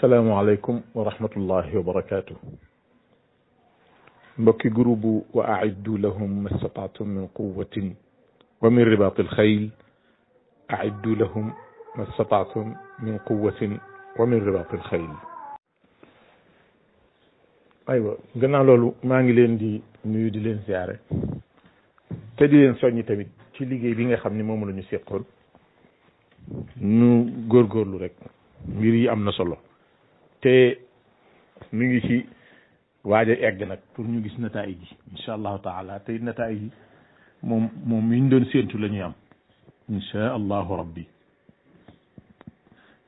asalaamualeykum wa rahmatullahi wa barakaatu. mbokki groupe wa aiddu lahum mastataatum min quwatin wa min ribaati wa min ribaati alxayl aywa gannaaw maa ngi leen di nuyu di leen ziare te di leen soññi tamit ci liggéey bi nga xam ni moom la ñu seqoon ñu góorgóorlu rek mbir yi am na solo te mi ngi ci waaj egg nag pour ñu gis nataay yi incha allahu taala te nataay ji moom moom yi ñu doon séentu la am incha allahu rabbi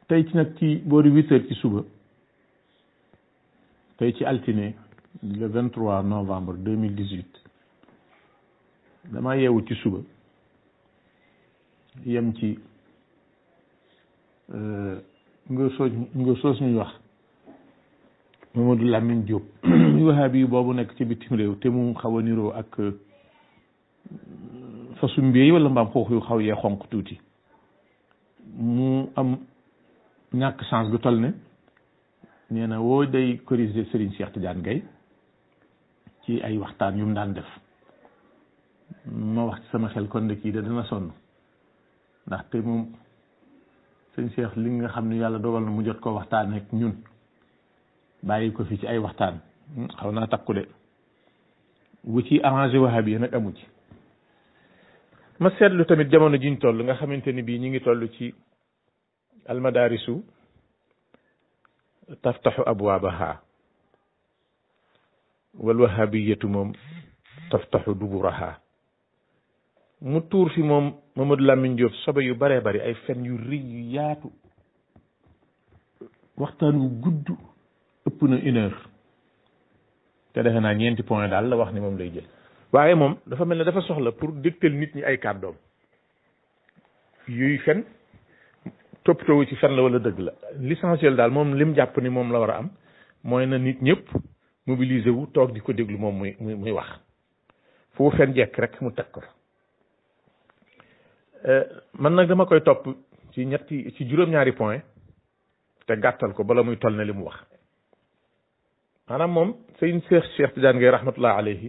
tey ci nag ci boori huit ci suba tey ci altine le vingt trois novembre deux mille dix huit damaa yeewu ci suba yem ci euh, nga soos nga soos ñuy wax Mamadou Lamine Diop wahabi yi boobu nekk ci bitim réew te mu xaw a niroo ak euh, fasu mbéy wala mbaam xoox yu xaw yee xonq tuuti mu am ñàkk chance gu toll ne nee na woo day corriger Serigne Cheikh jaan gay ci ay waxtaan yu daan def ma wax ci sama xel kon de kii de dana sonn ndaxte moom sëñ Cheikh li nga xam ne yàlla dogal na mu jot ko waxtaan ak ñun maa bàyyi ko fi ci ay waxtaan hmm, xaw naa takkule de wu ci arrangé wahab yi nag amu ci ma seetlu tamit jamono jiñ toll nga xamante ni bii ñi ngi tollu ci almadarisu taftaxu abwaabaha walwahabiyatu moom taftaxu duburaha mu tuur fi moom Mamadou Lamine Diop sobe yu baree bari ay fen yu rëy yu yaatu waxtaan wu gudd ëpp na une heure te defe naa ñeenti point daal la wax ni moom lay jël waaye moom dafa mel ne dafa soxla pour dégtal nit ñi ay kàddoom yuy fen toppatoo ci fen la wala dëgg la l'essentiel daal moom lim jàpp ni moom la war a am mooy na nit ñëpp mobiliser wu toog di ko déglu moom muy muy muy wax foo fen jekk rek mu teg ko euh, man nag dama koy topp ci ñetti ci juróom-ñaari point te gàttal ko bala muy toll na li mu wax maanaam moom sëriñ Cheikh Cheikh Tidiane Gaye rahmatullah alayhi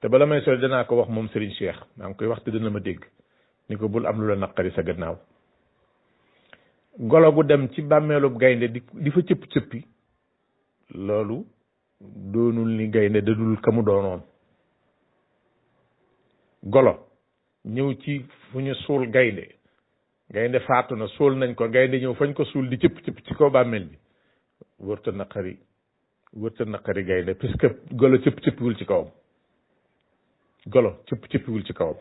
te bala may sori danaa ko wax moom sëriñ Cheikh maa ngi koy wax te na ma dégg ni ko bul am lu la naqari sa gannaaw golo gu dem ci bàmmeelub gaynde di di fa cëpp cëppi loolu doonul ni gaynde dadul ka mu doonoon golo ñëw ci fu ñu suul gaynde gaynde faatu na suul nañ ko gaynde ñëw fañ ko suul di cëpp cëpp ci kaw bàmmeel bi wërta naqari wërta naqari gaynde puisque golo cëpp cëppiwul ci kawam golo cëpp cëppiwul ci kawam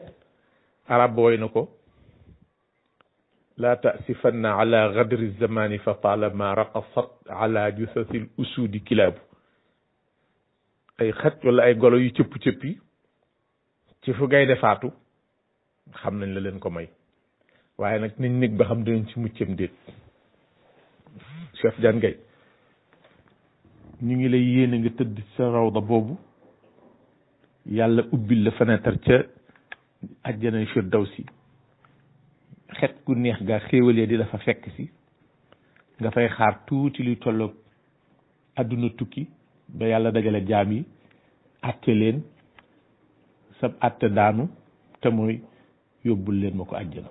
arab booy na ko laa tasifanna ala gadri zamani fa taalama raqasat ala jusasil usudi kilaabu ay xaj wala ay golo yu cëpp cëppi ci fu gaynde faatu xam nañ la leen ko may waaye nag nañ nekk ba xam dinañ ci muccam déet chef Diagne Gaye ñu ngi lay yéene nga tëdd sa rawda boobu yàlla ubbil la fenêtre ca àjjana firdawsi xet gu neex ga xéewal di la fekk si nga fay xaar tuuti luy tolloog àdduna tukki ba yàlla dajale jaam yi àtte leen sab àtte daanu te mooy yóbbul leen ma ko àjjana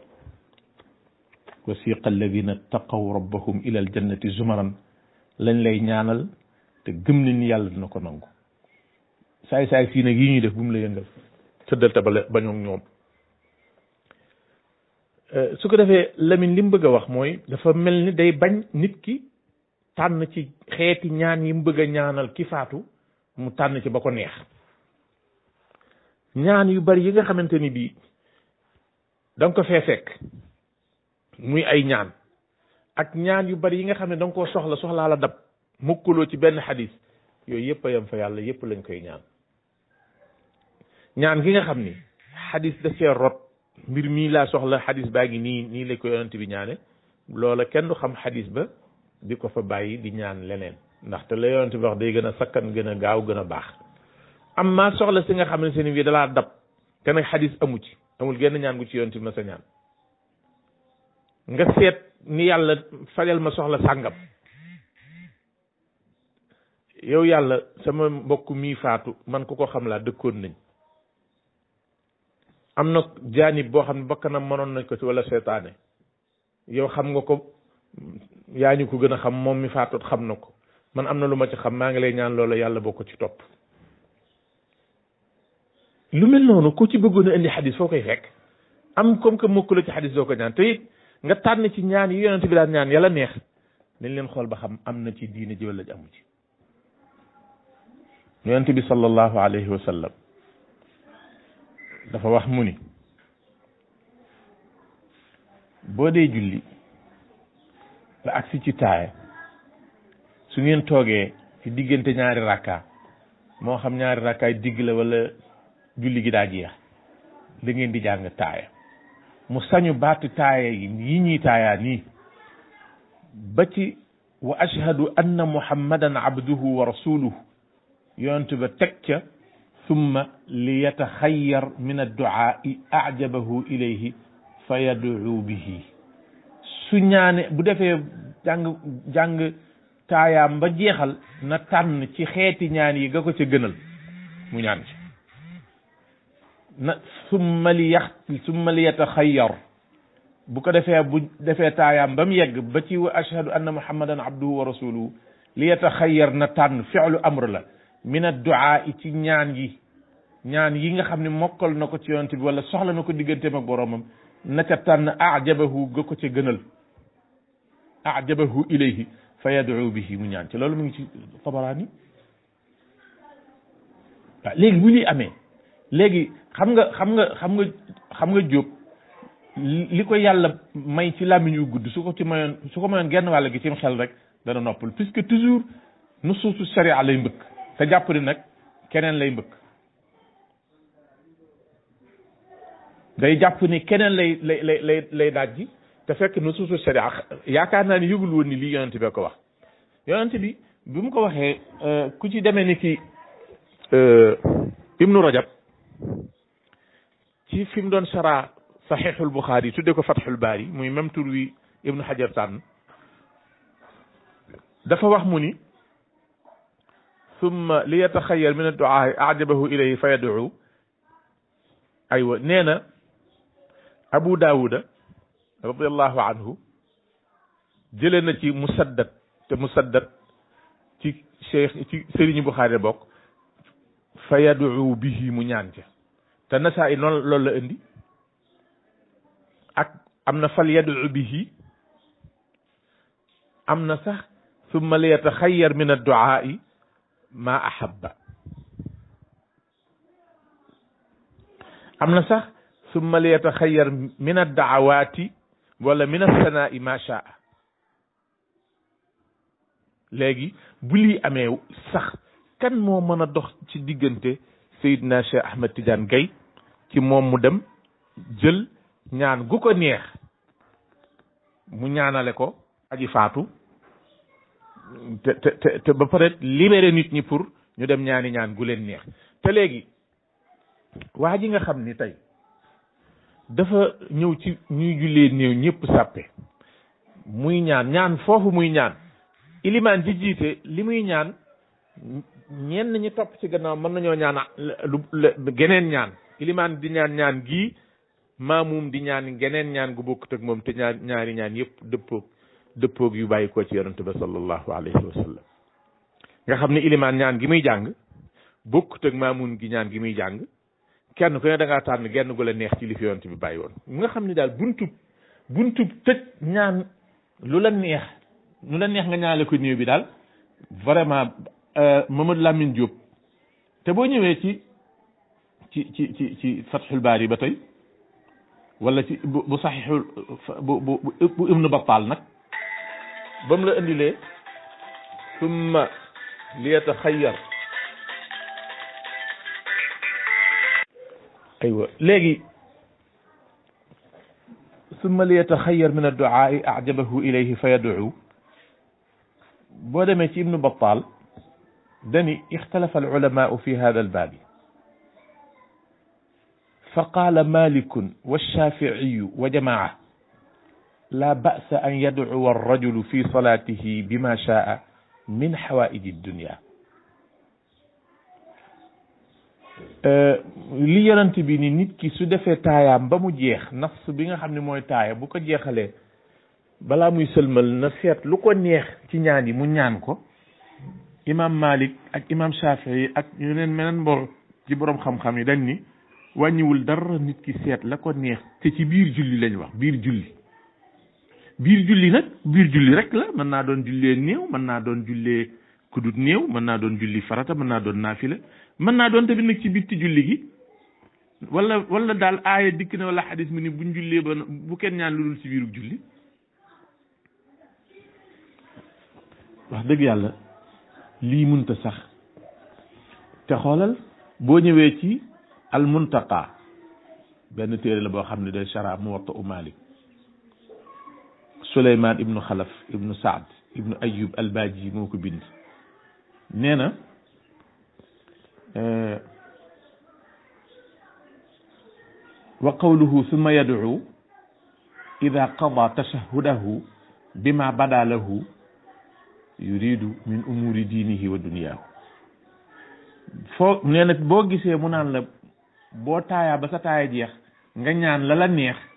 wasiqa alladina taqaw rabbahum ila aljannati zumaran lañ lay ñaanal te gëm nañ ni yàlla dina ko nangu saay saay sii nag yi ñuy def bu mu la yëngal tëddal tabale bañoo ñoom euh, su ko defee Lamine li mu bëgg a wax mooy dafa mel ni day bañ nit ki tànn ci xeeti ñaan yi mu bëgg a ñaanal ki faatu mu tànn ci ba ko neex ñaan yu bari yi nga xamante ni bii da ko fee fekk muy ay ñaan ak ñaan yu bari yi nga xam ne da nga koo soxla soxlaa la dab mukkuloo ci benn xadis yooyu yëpp a fa yàlla yëpp lañ koy ñaan ñaan gi nga xam ni xadis da cee mbir mii laa soxla xadis baa ngi nii nii lañ ko yonent bi ñaane loola kenn du xam xadis ba di ko fa bàyyi di ñaan leneen ndaxte la yonent bi wax day gën a sakkan gën a gaaw gën a baax am maa soxla si nga xam ne seen bi dalaa dab te nag amu ci amul genn ñaan gu ci yonent bi ma sa ñaan nga seet ni yàlla fajal ma soxla sàngam yow yàlla sama mbokk mii faatu man ku ko xam laa dëkkoon nañ am na jaanib boo xam ne bokk na mënoon nañ ko ci walla seetaane yow xam nga ko yaa ñu ko gën a xam moom mi faatut xam na ko man am na lu ma ci xam maa ngi lay ñaan loola yàlla boo ko ci topp lu mel noonu ku ci bëggoon a indi xadis foo koy fekk am comme que mokk la ci xadis doo ko ñaan te nga tànn ci ñaan yi yonent bi daan ñaan yàlla neex nañ leen xool ba xam am na ci diine ji wala amu yonent bi sallallahu alayhi wa sallam dafa wax mu ni boo dee julli ba agsi ci taaya su ngeen toogee ci diggante ñaari rakka moo xam ñaari rakkaay digg la wala julli gi daa jeex da di jàng taaya mu sañu baatu taaya yi ñuy taayaa nii ba ci wa ashhadu anna muhammadan abduhu wa rasuluhu yonent ba teg ca summa li yataxayyar min adduaai ajabahu ilayhi fa yaduu bihi su ñaane bu defee jàng jàng taayaam ba jeexal na tànn ci xeeti ñaan yi ga ko ca gënal mu ñaan ci na summa li yax summa li yataxayyar bu ko defee bu defee taayaam ba mu yegg ba ci wa ashhadu anna muhammadan abduhu wa rasuluhu li yataxayyar na tànn fi'lu amr la min adduaa i ci ñaan yi ñaan yi nga xam ne mokkal na ko ci yonent bi wala soxla na ko digganteem ak boroomam na ca tànn ajabahu ga ko ca gënal ajabahu ilayhi fa yad'u bihi mu ñaan ci loolu mu ngi ci tabaraani waaw léegi bu lii amee léegi xam nga xam nga xam nga xam nga jóob li ko yàlla may ci làmmiñ wu gudd su ko ci mayoon su ko mayoon genn wàll gi ci xel rek dana noppal que toujours nu nusuusu sharia lay mbëkk te jàpp ni nag keneen lay mbëkk day jàpp ni keneen lay lay lay lay lay daaj ji te fekk na suusu sharia yaakaar naa ni yëgul woon ni lii yonent bi ko wax yonent bi bi mu ko waxee euh, ku ci demee ni ki euh, ibnu rajab ci fi mu doon saraa saxiixul buxaari tudde ko fatxul baari muy même tur wi ibnu xajar tànn dafa wax mu ni summa li yataxayar min adduaa ajabahu ilayhi fa yaduu aywa nee na abu daawuda radiallahu anhu jële na ci musaddad te musaddad ci cheikh ci sëriñu buxaari bokk fa yaduu bihi mu ñaan ca te nasaa i noonu loolu la indi ak am na fal yaduu bihi am na sax summa li yataxayar min adduaa ma ahabba am na sax summa liyataxayyar min addaawati wala min asanaai ma shaa léegi bu lii amee sax kan moo mën a dox ci diggante Seydina Cheikh Ahmed Tidiane Gaye ci moom mu dem jël ñaan gu ko neex mu ñaanale ko aji faatu te te te ba peut-être libéré nit ñi pour ñu dem ñaani ñaan gu leen neex te léegi waa ji nga xam ni tey dafa ñëw ci ñuy jullee néew ñëpp sàppe muy ñaan ñaan foofu muy ñaan ilimaan ji jiite li muy ñaan ñenn ñi topp ci gannaaw mën nañoo ñaan lu geneen ñaan ilimaan di ñaan ñaan gii maamum di ñaan geneen ñaan gu bokkut ak moom te ñaar ñaari ñaan yëpp dëppoo dëppoog yu bàyyi ko ci yonent ba sallallahu alayhi wa sallam nga xam ne ilimaan ñaan gi muy jàng bokkut ak maamun gi ñaan gi muy jàng kenn ku ne da tànn genn gu la neex ci li fi yonent bi bàyyi woon nga xam ne daal buntub buntub tëj ñaan lu la neex lu la neex nga ñaale ko néew bi daal vraiment euh, Mamadou Lamine Diop te boo ñëwee ci ci ci ci ci Fathul Baari ba tey wala ci bu bu saxiixul bu bu Ibnu Battaal nag ba mu la indilee summa liyata xayyar aywa léegi summa liyata xayyar min adduaai ajabahu ilayhi fa yaduu boo demee ci ibnu Battal dani ixtalafa alulamaau fi hada albaabi fa qaala malikun wa shaafiiyu wa jamaa la ba'sa an yad'uwa ar-rajulu fi salatihi bima sha'a min hawaa'iji dunya li yonent bi ni nit ki su defee taayaam ba mu jeex nafs bi nga xam ne mooy taaya bu ko jeexalee balaa muy sëlmal na seet lu ko neex ci ñaan yi mu ñaan ko imam malik ak imam shafii yi ak yeneen meneen mbor ci borom xam-xam yi dañ ni wàññiwul dara nit ki seet la ko neex te ci biir julli lañ wax biir julli biir julli nag biir julli rek la mën naa doon jullee néew mën naa doon jullee kudut néew mën naa doon julli farata mën naa doon naafila mën naa doon tamit nag ci bitti julli gi wala wala daal aaya dikk na wala xadis mu ni buñ jullee ba bu ken ñaan lu dul ci biiru julli wax dëgg yàlla lii munta sax te xoolal boo ñëwee ci al muntaqa benn téere la boo xam ne day chara muwatta u malik Souleymane ibnu Xalaf ibnu Saad ibnu Ayub Albaaji moo ko bind nee na eh, wa qawluhu summa yad'u ida qada tashahudahu bima bada lahu yuridu min umuri diinihi wa duniyaahu foo nee na boo gisee mu naan la boo taayaa ba sa taaya jeex nga ñaan la la neex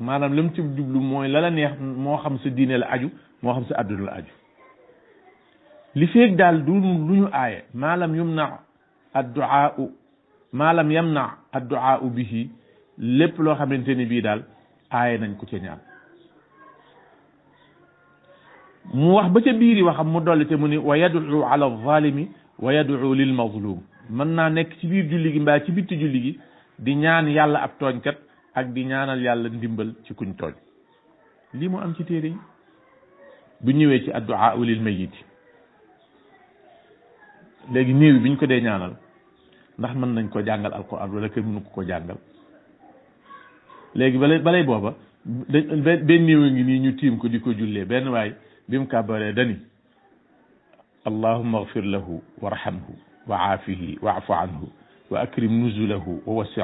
maanaam lam ci jublu mooy la neex moo xam sa diine la aju moo xam si àdduna la aju li feeg daal du lu ñu aaye maalam yumna adduaa maalam yamna adduaa bihi lépp loo xamante ni bii daal aaye nañ ko ca ñaan mu wax ba ca biiri waxam mu dolli te mu ni wa yad'u ala zalimi wa yad'u lil mazlum mën naa nekk ci biir julli gi mbaa ci bitti julli gi di ñaan yàlla ab tooñkat ak di ñaanal yàlla ndimbal ci kuñ tooñ lii mu am ci téere yi bu ñëwee ci addu'a lil mayit léegi néew bi ñu ko dee ñaanal ndax mën nañ ko jàngal alquran wala kër mënu ko ko jàngal léegi balay balay booba benn néew ngi ñu tiim ko di ko jullee benn waay bi mu kàbbaree dani allahumma agfir lahu warhamhu wa aafihi waafu anhu wa akrim nuzulahu wa wasi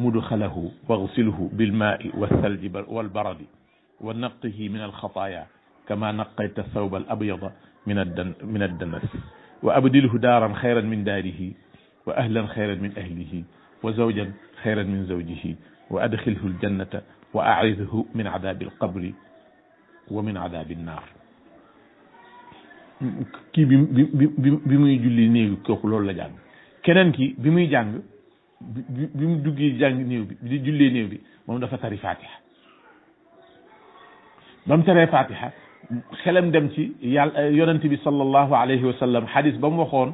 mudxalahu waxsilhu bilmaai walsalji walbaradi wa naqqihi min alxataaya kama naqayta sawba al abyada min addan min addanas wa abdilhu daaran xayran min daarihi wa ahlan xayran min ahlihi wa zawjan xayran min zawjihi wa adxilhu aljannata wa aridhu min adabi alqabri wa min adabi annaar kii bi bi bi bi muy julli néegi kooku loolu la jàng keneen ki bi muy jàng bi bi mu duggee jàng néew bi bi moom dafa tari fatiha ba mu fatiha xelam dem ci yàlla euh, yonent bi sallallahu alayhi wa sallam xadis ba mu waxoon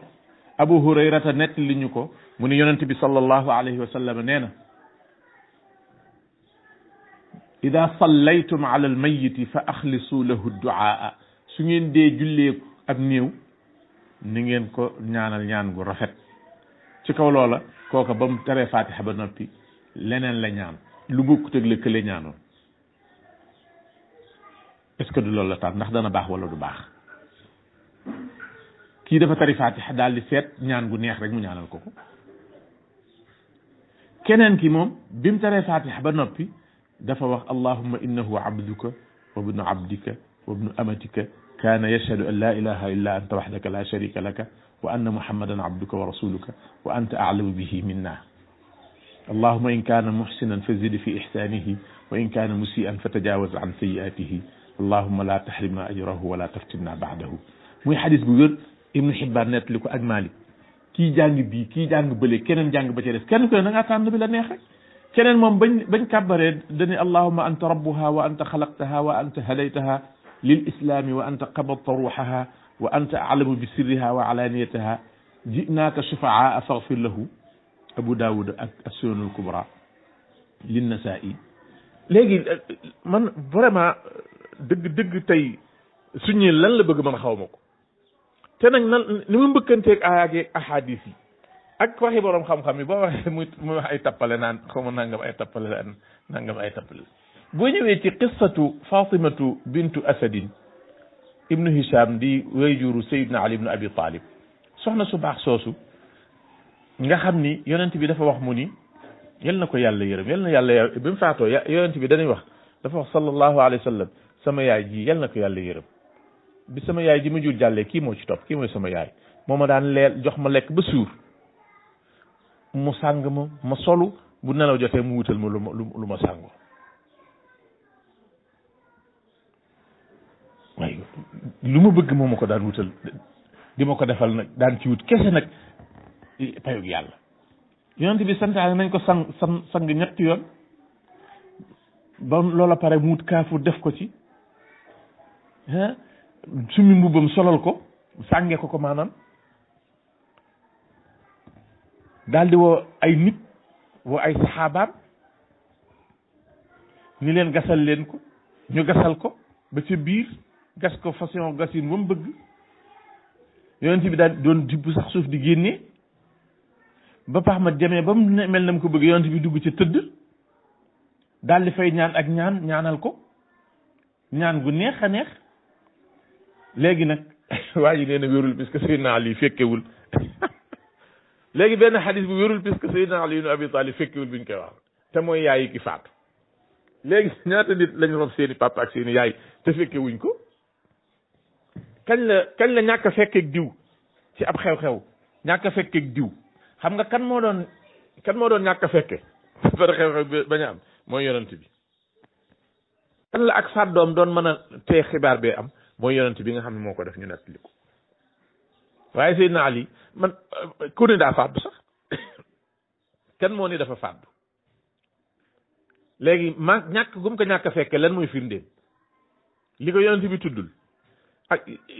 abu hurayrata nett li ñu ko mu ni yonent bi sallallahu alayhi wa sallam nee na ida sallaytum ala almayiti fa lahu duaa su ngeen dee jullee ab néew ni ngeen ko ñaanal ñaan gu rafet ci kaw kooka ba mu taree fatiha ba noppi leneen la ñaan lu bokkut ak la kële ñaanoon est-ce que du loolu la tax ndax dana baax wala du baax kii dafa tari fatiha daal di seet ñaan gu neex rek mu ñaanal ko ko keneen ki moom bi mu taree fatiha ba noppi dafa wax allahumma innahu abduka wa bnu abdika wa bnu amatika kaana yashhadu an la ilaha illa anta wahdaka la sharika laka wa anna muhammadan abduka wa rasuluka wa anta aalamu bihi minna allahuma in kaana muhsinan fa zid fi ihsanihi wa in kaana musian fa tajawaz an sayiatihi allahuma la tahrimna ajrahu wala taftinna baadahu muy xadis bu wér ibnu xibbaan nettali ko ak Malik kii jàng bii kii jàng bële keneen jàng ba ca des kenn ku ne da ngaa tànn bi la neex rek keneen moom bañ bañ kàbbaree dane allahuma anta rabbuha wa anta xalaqtaha wa anta hadaytaha lil islami wa anta qabadta ruuxaha wa anta alamu bi sirriha wa alaniyataha jinaaka shufaa faghfir lahu abu daawud ak ak sunanul kubra linnasaa'i léegi man vraiment dëgg dëgg tey suñu lan la bëgg man xaw ma ko te nag nan ni mu mbëkkanteeg aayaage ahadis yi ak waxi borom xam-xam yi boo waxee muy muy wax ay tappale naan xaw ma nangam ay tappale naan nangam ay tappale boo ñëwee ci qissatu fatimatu bintu asadin ibnu Hisham di wayjuru Seydina Ali ibnu Abi Talib soxna su baax soosu nga xam ni yonent bi dafa wax mu ni yal na ko yàlla yërëm yal na yàlla bi mu faatoo yonent bi danay wax dafa wax sallallahu alayhi wa sallam sama yaay ji yal na ko yàlla yërëm bi sama yaay ji ma jur jàllee kii moo ci topp kii mooy sama yaay moo ma daan leel jox ma lekk ba suur mu sàng ma ma solu bu nelaw jotee mu wutal ma lu ma lu ma sàngoo lu ma bëgg moom ma ko daan wutal di ma ko defal nag daan ci wut kese nag payug yàlla yonent bi santaane nañ ko sang sang sang ñetti yoon ba loola pare mu wut kaafu def ko ci sumi mbubbam solal ko sànge ko ko maanaam daal di woo ay nit woo ay saxaabaam ni leen gasal leen ko ñu gasal ko ba ca biir gas ko façon gasin ba mu bëgg yonent bi daal doon dibb sax suuf di génne ba pax ma demee ba mu mel na mu ko bëgg yonent bi dugg ci tëdd dal di fay ñaan ak ñaan ñaanal ko ñaan gu neex a neex léegi nag waa ji nee na wérul puisque Seydina Ali fekkewul léegi benn xadis bu wérul puisque Seydina Ali ibn Abi Talib fekkewul bi ñu koy wax te mooy yaay yi ki faatu léegi ñaata nit lañ rob seeni papa ak seeni yaay te fekkewuñ ko kañ la kañ la ñàkk a fekkeeg diw ci ab xew-xew ñàkk a diw xam nga kan moo doon kan moo doon ñàkk a fekke par xew a am mooy yonent bi la ak sàddoom doon mën a tee xibaar bee am mooy yonent bi nga xam ne moo ko def ñu nettali ko waaye Seydina Ali man ku ne daa fàddu sax kan moo ni dafa fàddu léegi ma ñàkk gum ko ñàkk fekke lan mooy firndéem li ko yonent bi tuddul ak ah,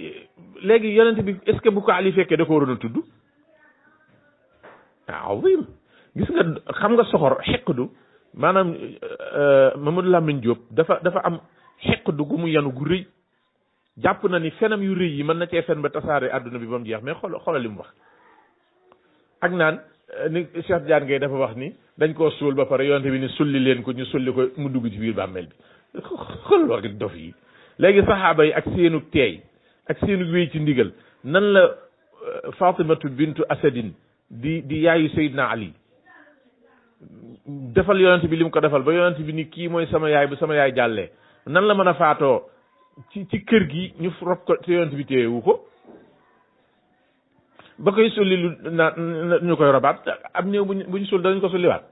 léegi yonent bi est-ce que bu ko Ali fekkee da ko waroon a tudd azim gis nga xam nga soxor xeqdu maanaam euh, euh, Mamadou Lamine Diop dafa dafa am xeqdu gu mu yenu gu rëy jàpp na ni fenam yu rëy yi mën na cee fen ba tasaare àdduna bi ba mu jeex mais xolo xoolal li mu wax ak naan euh, ni Cheikh dafa wax ni dañ koo suul ba pare yonent bi ni leen ko ñu sulli mu dugg ci biir bàmmeel bi xool dof yi léegi saxaaba yi ak seenu teey ak seenu wéy ci ndigal nan la euh, fatimatu bintu asadin di di yaayu Seydina Ali defal yonent bi li mu ko defal ba yonent bi ni kii mooy sama yaay bu sama yaay jàllee nan la mën a faatoo ci ci kër gi ñu rob ko te yonent bi téyewu ko ba koy sulli lu ñu koy robaat am néew buñ bu ñu sul dañu ko sulliwaat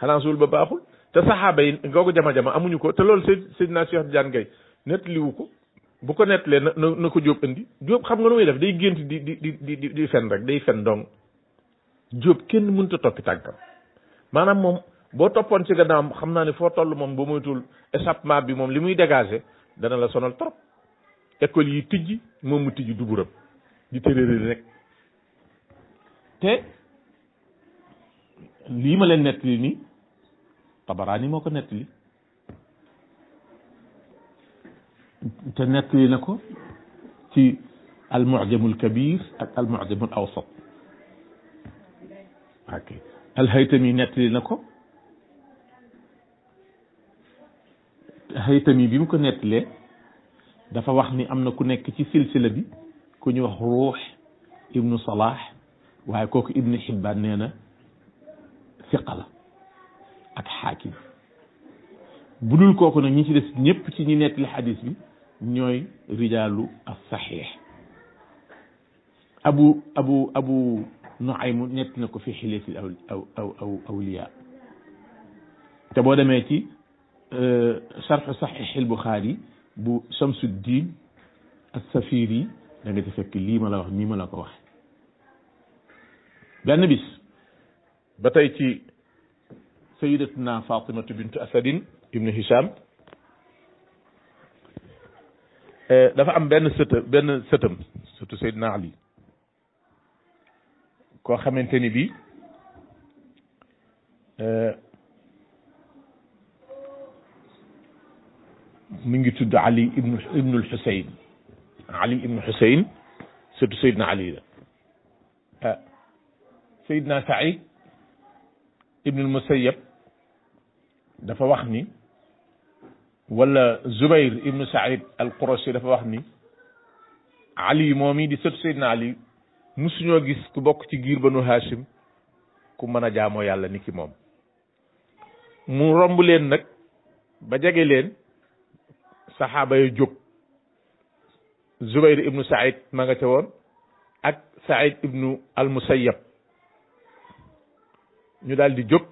xanaa suul ba baaxul te saxaaba yi ngoo ko jama-jama amuñu ko te loolu Seydina Cheikh Tidiane Gaye nettaliwu ko bu ko nettalee na na ko jóob indi jóob xam nga nu muy def day gént di di di di fen rek day fen dong jóob kenn mun a toppi tànkam maanaam moom boo toppoon ci gannaawam xam naa ne foo toll moom boo ba moytul échappement bi moom li muy dégager dana la sonal trop école yi tijji moom mu tijji duguram di tërëri rek te lii ma leen nettali nii tabaraani moo ko nettali te nettali na ko ci almujamul kabir ak almujamul awsat ok alhaytami nettali na ko haytami bi mu ko nettalee dafa wax ni am na ku nekk ci silsila bi ku ñu wax ruux ibnu Salah waaye kooku ibnu Hibbaan nee na siqa la ak xaakim bu dul kooku nag ñu ci des ñëpp ci ñu nettali xadis bi ñooy rijaalu as-saxiix abu abu abu nuaymu ñett na ko fi xilyatil aw aw aw awliya te boo demee ci euh, sarxu saxiixil buxaari bu Samsuddin as-Safiri da nga ci fekk lii ma la wax nii ma la ko wax benn bis ba tey ci sayidatuna Fatimatu bintu Asadin ibnu Hisham Euh, dafa am benn sëtë benn sëtam surtout Seydina Ali koo xamante ni bi euh, mi ngi tudd Ali ibnu ibnul Xuseyn Ali ibnu Xuseyn surtout Seydina Ali la ah Seydina Saïd ibnul Musayyab dafa wax ni wala Zubair ibnu Saïd al Qurashi dafa wax ni moom yi di sët Seydina Ali musuñoo gis ku bokk ci giir banu Hashim ku mën a jaamoo yàlla ni ki moom mu romb leen nag ba jege leen saxaaba yi jóg Zubair ibnu Saïd ma nga ca woon ak Saïd ibnu al Musayyab ñu daal di jóg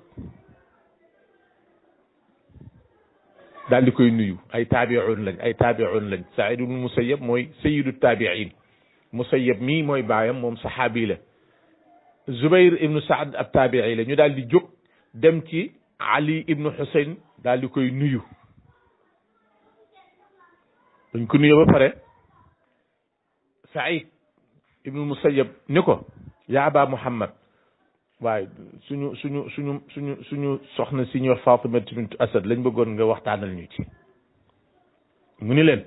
daal di koy nuyu ay taabi'un lañ ay taabi'un lañ Saïd ibn Musayyab mooy sayyidu taabi'in Musayyab mi mooy baayam moom saxaabi la Zubayr ibnu Saad ab taabi'i la ñu daal di jóg dem ci Ali ibnu Husayn daal di koy nuyu dañ ko nuyu ba pare Saïd ibnu Musayyab ni ko yaa Abaa Muhammad waaye suñu suñu suñu suñu suñu soxna si ñuy wax Fatima bint Asad lañ bëggoon nga waxtaanal ñu ci mu ni leen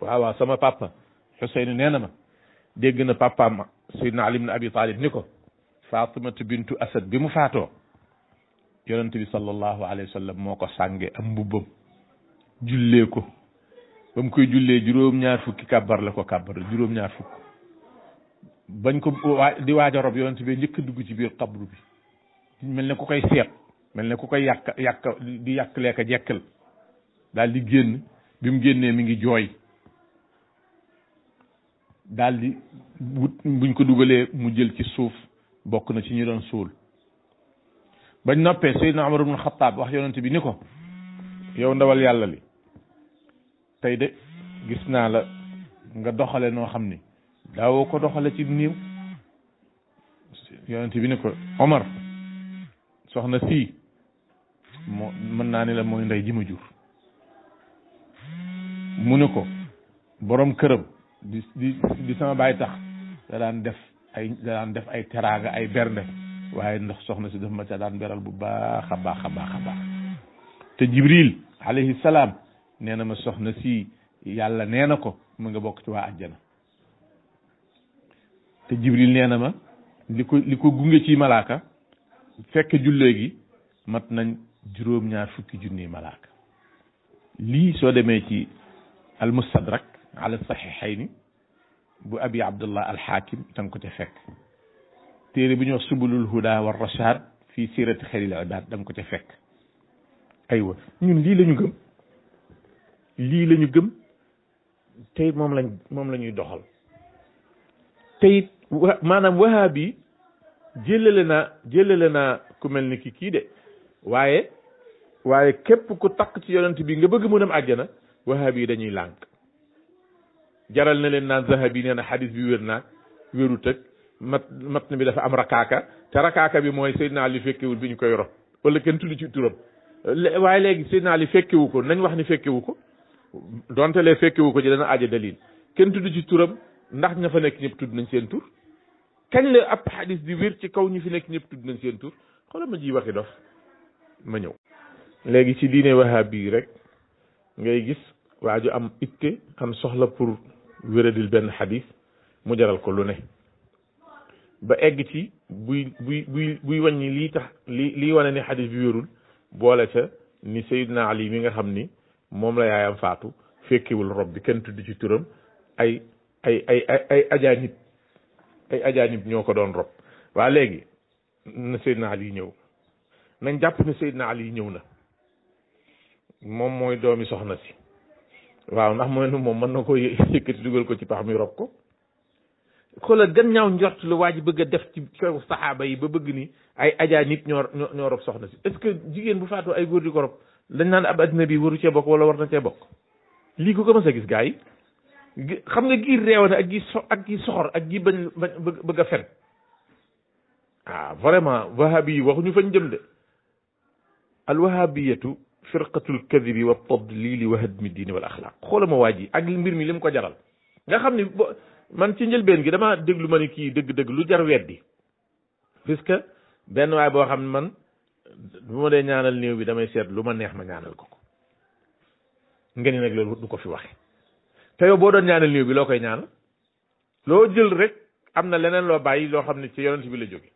waaw waaw sama papa Xuseynu nee na ma dégg na papaam Seydina Ali ibn Abi Talib ni ko Fatima bintu Asad bi mu faatoo yonent bi sallallahu alayhi wa moo ko sànge am mbubbam jullee ko ba mu koy jullee juróom-ñaar fukki kàbbar la ko kàbbar juróom-ñaar fukk bañ ko di waaj a rob yonent bi njëkk dugg ci biir xabru bi mel ni ku koy seet mel ni ku koy yàq yàq di yàq lekk jekkal daal di génn bi mu génnee mi ngi jooy daal di buñ ko dugalee mu jël ci suuf bokk na ci ñu doon suul bañ noppee Seydina Umar ibn Xattaab wax yonent bi ni ko yow ndawal yàlla li tey de gis naa la nga doxale noo xam ni daawoo ko doxale ci néew yonent bi ne ko Omar soxna sii moo mën naa ne la mooy ndey ji ma jur mu ne ko boroom këram di di di sama baay tax da daan def ay da daan def ay teraanga ay bernde waaye ndox soxna si daf ma ca daan beral bu baax a baax a baax a baax te Jibril alayhi salaam nee na ma soxna si yàlla nee na ko mu nga bokk ci waa àjjana te jibril nee na ma li ko li ko gunge ci malaaka fekk jullee gi mat nañ juróom-ñaar fukki junni malaaka lii soo demee ci almustadrak ala saxiixayni bu abi abdullah alxaakim danga ko ca fekk téere bu ñuy wax subulul huda war rashad fii sirati xayril ibaad danga ko ca fekk aywa ñun lii lañu gëm lii lañu gëm teyit moom lañ doxal teyit maanaam wahabi jëlale naa jëlale naa ku mel ni ki kii de waaye waaye képp ku takk ci yonent bi nga bëgg mu dem àjjana wahabi yi dañuy lànk jaral na leen naan zahabi nee na xadis bi wér naag wéru tëg mat mat na bi dafa am rakaaka te rakaaka bi mooy Seydina Ali fekkewul bi ñu koy rot wala kenn tudd ci turam waaye léegi Seydina Ali fekkewu ko nañ wax ni fekkewu ko donte lee fekkewu ko ji dana aja dalil kenn tudd ci turam ndax ña fa nekk ñépp tudd nañ seen tur kañ la ab xadis di wér ci kaw ñi fi nekk ñëpp tudd nañ seen tur xoolal ma ji waxi dof ma ñëw. léegi ci diine wahabi bii rek ngay gis waa ju am itte am soxla pour wéradil benn xadis mu jaral ko lu ne ba egg ci buy buy buy buy wàññi lii tax lii lii wane ni xadis bi wérul boole sa ni Seydina Ali mi nga xam ni moom la yaayam faatu fekkewul rob bi kenn tudd ci turam ay. ay ay ay ay ajaanib ay ajaanib ñoo ko doon rob waa léegi na Seydina Ali ñëw nañ jàpp ne Seydina Ali ñëw na moom mooy doomi soxna si waaw ndax mooy nu moom mën na ko yëkkati dugal ko ci pax mi rob ko xoola gën ñaaw njort lu waa ji bëgg a def ci xew saxaaba yi ba bëgg ni ay ajaa nit ñoo ñoo rob soxna si est-ce que jigéen bu faatoo ay góor di ko rob dañ naan ab addina bi waru cee bokk wala war na cee bokk lii ku ko mës a gis gaa yi xam nga gi réew na ak gi so gi soxor ak gi bañ bëgg a fen ah vraiment wahabi yi waxuñu fañ jëm de alwahabiyatu firqatul kadibi wa tadlili wa hadmi diini wal axlaaq xoola ma waa ji ak mbir mi li mu ko jaral nga xam ni man ci njëlbeen gi damaa déglu ma ni kii dégg dëgg lu jar weddi puisque benn waay boo xam ne man bu ma dee ñaanal néew bi damay seet lu ma neex ma ñaanal ko ko nga ni nag loolu du ko fi waxe te yow boo doon ñaanal néew bi loo koy ñaanal loo jël rek am na leneen loo bàyyi loo xam ne ci yonent bi la jóge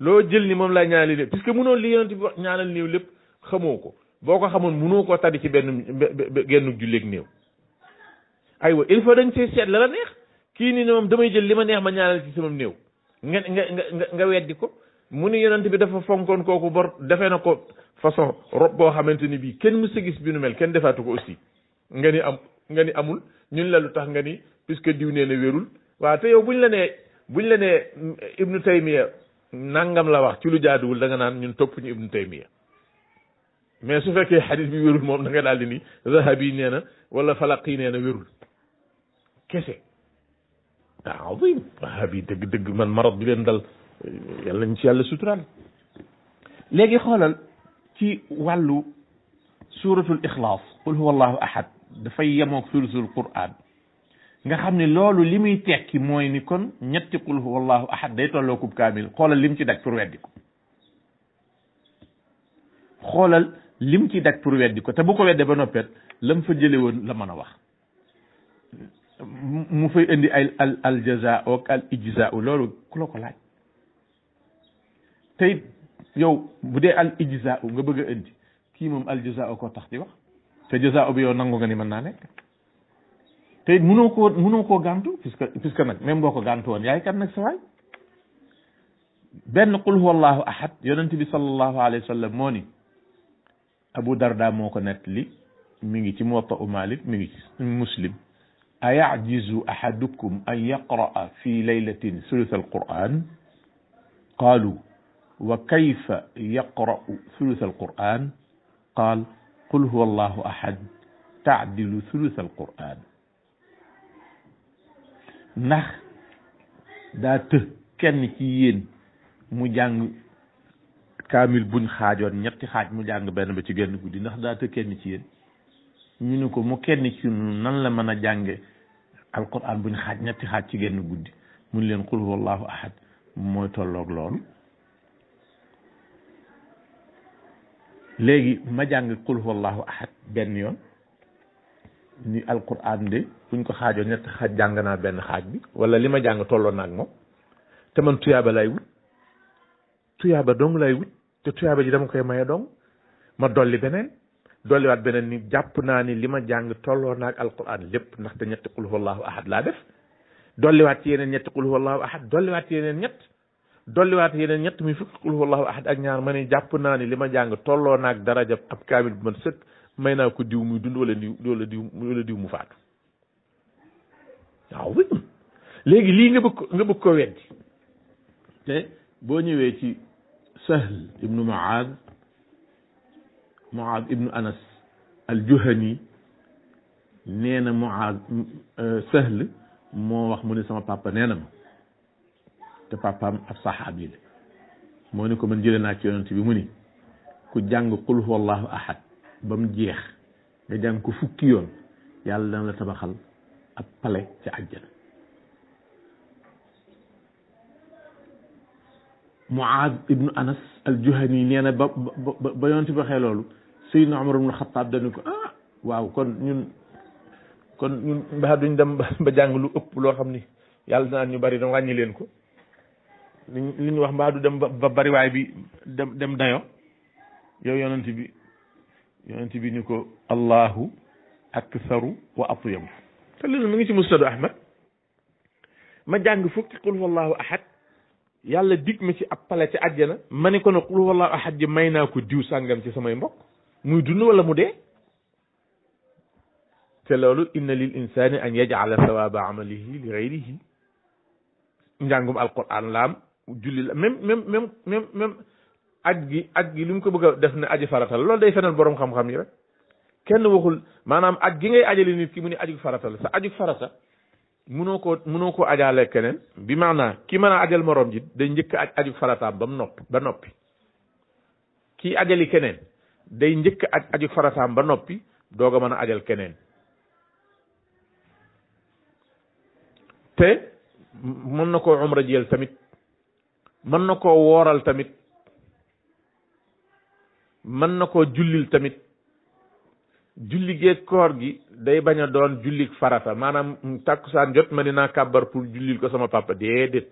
loo jël ni moom laay ñaanal lépp mënoo li yonent bi ñaanal néew lépp xamoo ko boo ko xamoon mënoo koo tadi ci benn gennug julleeg néew aywa il faut dañ kii nii moom damay jël li ma neex ma ñaanal ci sama néew nga nga nga nga weddi ko mu ni yonent bi dafa fonkoon kooku bor defee na ko façon rob boo xamante ni bii kenn mës a gis bi nu mel kenn defaatu ko aussi nga ni am nga ni amul ñun la lu tax nga ni puisque diw na wérul waaw te yow buñ la nee buñ la nee mm, ibnu taymiya nangam la wax ci lu jaaduwul da naan ñun topp ñu ibnu taymiya mais su fekkee xadis bi wérul moom da nga daal di ni zahabi nee na wala falaqi nee na wérul kese ah azim zahabi dëgg man marad bi leen dal yàlla nañ ci yàlla suturaal léegi ci wàllu suratul ixlaas qul huwa allahu ahad dafay yemoog sulusul quraan nga xam ne loolu li muy tekki mooy ni kon ñetti qul huwallahu ahad day tolloo kub kaamil xoolal li mu ci daj pour weddi ko xoolal lim ci daj pour weddi ko te bu ko weddee ba la mu fa jële woon la mën a wax mu fay indi ay al al jazaa ak al ijzaa loolu ku la ko laaj tey yow bu dee al ijzaa nga bëgg indi kii moom al jazaa ko tax di wax te jasa obi yow nangu nga ni mën naa nekk te it mënoo koo mënoo koo gàntu puisque puisque nag même boo ko gàntu woon yaay kat nag sa waay benn qul huwa allahu ahad yonent bi sallallahu alayhi wa sallam moo ni abu darda moo ko nett li mi ngi ci muwatta u malik mi ngi ci muslim ayajizu ahadukum an yaqraa fi laylatin thuluth alquran qaalu wa kayfa yaqra'u thuluth alquran qaal qul huwa allahu ahad taadilu sulusal qur'an ndax daa të kenn ci yéen mu jàng kaamil buñ xaajoon ñetti xaaj mu jàng benn ba ci genn guddi ndax daa të kenn ci yéen ñu ni ko mu kenn ci nan la mën a jànge alquran buñ xaaj ñetti xaaj ci genn guddi mun leen qul huwa allahu ahad mooy tolloog loolu léegi ma jàng qul huwallahu ahad benn yoon ni alquran de buñ ko xaajoo ñett jàng naa benn xaaj bi wala li ma jàng tolloo naag moom te man tuyaaba lay wut tuyaaba dong lay wut tuyaaba ji dama koy maye dong ma dolli beneen dolliwaat beneen ni jàpp naa ni li ma jàng tolloo naag alquran lépp ndaxte ñetti qul huwallahu ahad laa def dolliwaat ci yeneen ñetti qul huwallahu ahad dolliwaat ci yeneen ñett dolliwaat yeneen ñett mi fukk qul huwallahu ahad ak ñaar ma ne jàpp naa ni li ma jàng tolloo naag daraja ab kaamil bu man sëkk may naa ko diw mu dund wala diw wala diw wala diw mu faatu waaw léegi lii nga bëgg nga bëgg ko weddi te boo ñëwee ci sahl ibnu muaad muaad ibnu anas al juhani nee na muaad euh, sahl moo wax mu ne sama papa nee na ma te papaam ab saxaabi la moo ne ko man jëlee naa ci yonent bi mu ni ku jàng qul huwallahu ahad ba mu jeex nga jàng ko fukki yoon yàlla dana la tabaxal ab pale ca àjjana Muaaz ibnu Anas al-Juhani nee na ba ba ba yonent bi waxee loolu Seydina Umar ibnu Xattaab dañu ko ah waaw kon ñun kon ñun mbaa duñ dem ba jàng lu ëpp loo xam ni yàlla dinaan ñu bari dama wàññi leen ko li ñu wax mbaa dem ba bariwaay bi dem dem dayo yow yonent bi yonent bi ni ko allahu aksaru wa atyabu te mu ngi ci musnadu ahmad ma jàng fukki qul wallahu ahad yàlla dig ma ci ab pale ci àjjana ma ni ko ne qul wallahu ahad ji may naa ko diw sàngam ci samay mbokk muy dund wala mu dee te loolu inna lil insani an yajala sawaba amalihi li gayrihi njàngum alquran laam julli la même même même même même aj gi aj gi li mu ko bëgg def ne aji farata la loolu day feneen boroom xam-xam yi rek kenn waxul maanaam aj gi ngay ajali nit ki mu ne aju farata sa aju farata mënoo ko mënoo ko ajaale keneen bi maanaa ki mën a ajal morom ji day njëkk aj aju farataam ba mu noppi ba noppi kii ajali keneen day njëkk aj aju farataam ba noppi doog a mën a ajal keneen te mën na koo umra jël tamit mën na koo wooral tamit mën na koo jullil tamit julli geeg koor gi day bañ a doon jullik farata maanaam tàkkusaan jot ma dinaa kàbbar pour jullil ko sama papa déedéet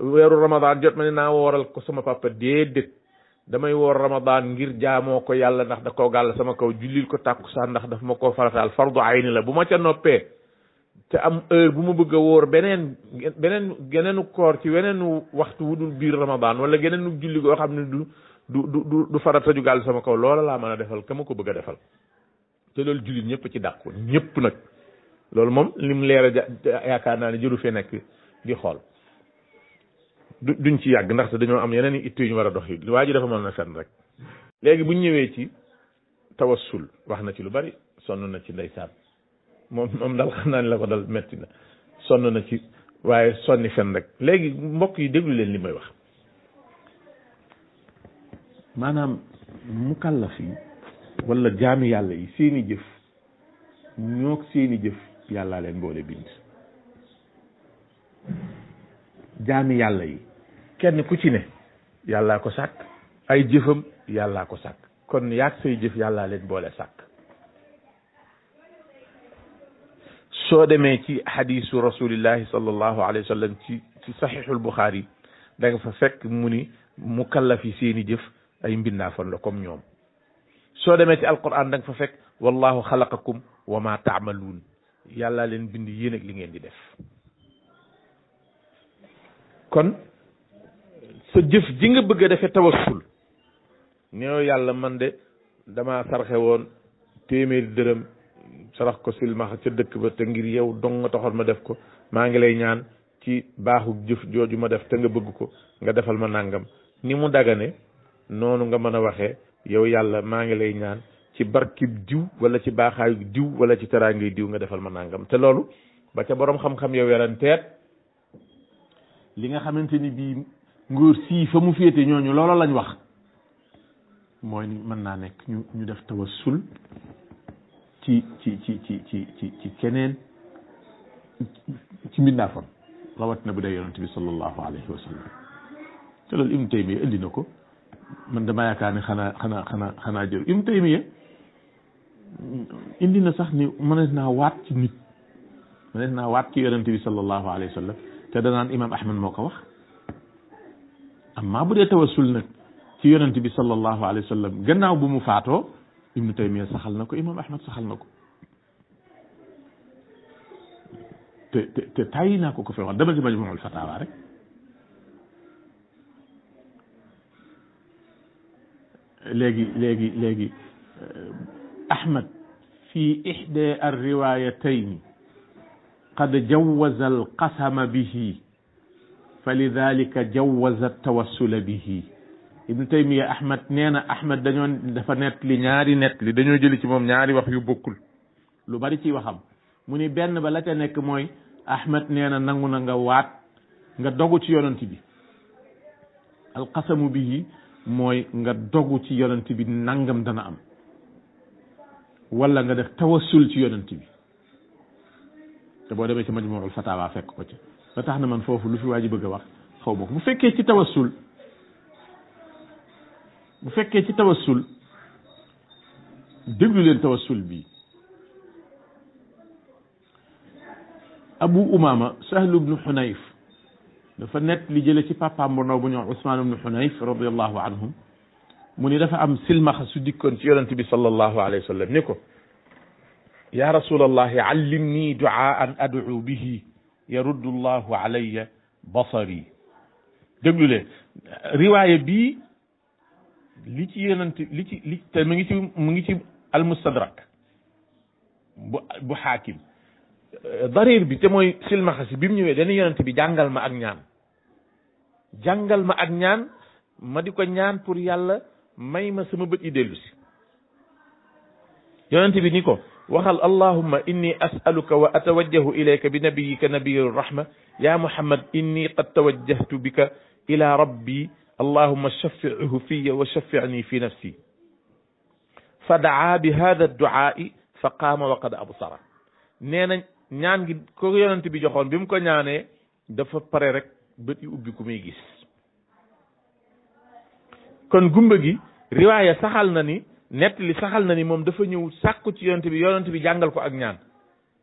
weeru ramadan jot ma dinaa wooral ko sama papa déedéet damay woor ramadan ngir jaamoo ko yàlla ndax da koo gàll sama kow jullil ko tàkkusaan ndax daf ma koo farataal fardu ayni la bu ma ca noppee te am heure bu ma bëgg a wóor beneen beneen geneenu koor ci weneenu waxtu wu dul biir ramadan wala geneenu julli goo xam ne du du du du farata ju gàll sama kaw loola laa mën a defal ka ma ko bëgg a defal te loolu jullit ñëpp ci dàqu ñëpp nag loolu moom lim leer a yaakaar naa ne jëru fee nekk di xool du duñ ci yàgg ndaxte dañoo am yeneen i itte yu ñu war a dox yi waa ji dafa mën na fen rek léegi buñ ñëwee ci tawassul wax na ci lu bari sonn na ci ndeysaan moom moom daal xam naa ne la ko dal metti na sonn na ci waaye sonni fen rek léegi mbokk yi déglu leen li may wax maanaam mukallaf yi wala jaami yàlla yi seeni jëf ñoog seeni jëf yàllaa leen boole bind jaami yàlla yi kenn ku ci ne yàllaa ko sàkk ay jëfam yàllaa ko sàkk kon yaag say jëf yàllaa leen boole sàkk soo demee ci xadisu rasulillahi sallallahu alayhi wa sallam ci ci saxiixul Buxaari da nga fa fekk mu ni mukallaf yi seeni jëf ay mbindaafan la kom ñoom soo demee ci alquran da nga fa fekk wallahu xalaqakum wa ma taamaluun yàlla leen bind yéen ak li ngeen di def kon sa jëf ji nga bëgg a defee tawassul yàlla man de dama sarxe woon téeméeri dërëm sarax ko silmaxa ca dëkk ba te ngir yow dong nga taxoon ma def ko maa ngi lay ñaan ci baaxu jëf jooju ma def te nga bëgg ko nga defal ma nàngam ni mu dagane noonu nga mën a waxee yow yàlla maa ngi lay ñaan ci barkib diw wala ci baaxaayu diw wala ci teraangay diw nga defal ma nàngam te loolu ba ca boroom xam-xam yow weranteet li nga xamante ni bii nguur sii fa mu féete ñooñu loolu lañ wax mooy mën naa nekk ñu ñu def sul ci ci ci ci ci ci ci keneen ci mbindaafam rawatina bu dee yonent bi sallallahu alayhi wa sallam te loolu indi na ko man dama yaakaar ne xanaa xanaa xanaa xanaa jël ibnu taymiya indi na sax ni mënees naa waat ci nit mënees naa waat ci yonent bi sallallahu alayhi wa te danaan imam ahmad moo ko wax amma bu dee tawassul nag ci yonent bi sallallahu alayhi wa sallam gannaaw bu mu faatoo ibnu taymiya saxal na ko imam ahmad saxal na ko te te te tàyyi naa ko ko fi wax demal ci majmuul fatawa rek léegi léegi léegi eh, ahmad fi ihda ar-riwaayatayn qad jawwaza al-qasama bihi fa lidhalika jawwaza at-tawassula bihi ibnu taymiya ahmad nee na ahmad dañoo dafa nett li ñaari nett li dañoo jëli ci moom ñaari wax yu bokkul lu bari ci waxam mu ni benn ba la ca nekk mooy ahmad nee na nangu na nga waat nga dogu ci yonent bi bi bihi mooy nga dogu ci yonent bi nangam dana am wala nga def tawassul ci yonent bi te boo demee ci majmuul fatawa fekk ko ci ba tax na man foofu lu fi waa ji bëgg a wax xaw ma bu fekkee ci tawassul bu fekkee ci tawassul déglu leen tawassul bi abu umama sahlu bnu xunayf dafa nett li jële ci papaam bu ndaw bu ñëw usmaan bnu xunayf radiallahu anhum mu ni dafa am silmaxa su dikkoon ci yonente bi sallallahu alayhi wa sallam ni ko ya rasulallahi allimni duaan ad'u bihi yaruddu llahu alayya basari déglu leen riwaaya bii li ci yonent li ngi ci mu ngi ci almustadrak bu bu xaakim darir bi te mooy silmaxa bi mu ñëwee dana yonent bi jàngal ma ak ñaan jàngal ma ak ñaan ma di ko ñaan pour yàlla may ma sama bët yi dellu si bi ni ko waxal allahumma inni asaluka wa atawajjahu ilayka bi nabiyika nabiyir rahma ya muhammad inni qad tawajjahtu bika ila rabbi allahuma shafichu fiya wa shaficni fi nafsi fa daa bi hada duaai fa qaama wa qad absara nee na ñaan gi ko yonent bi joxoon bi mu ko ñaanee dafa pare rek bët yi ubbi ku muy gis kon gumba gi riwaaya saxal na ni nettali saxal na ni moom dafa ñëw sàkku ci yonent bi yonent bi jàngal ko ak ñaan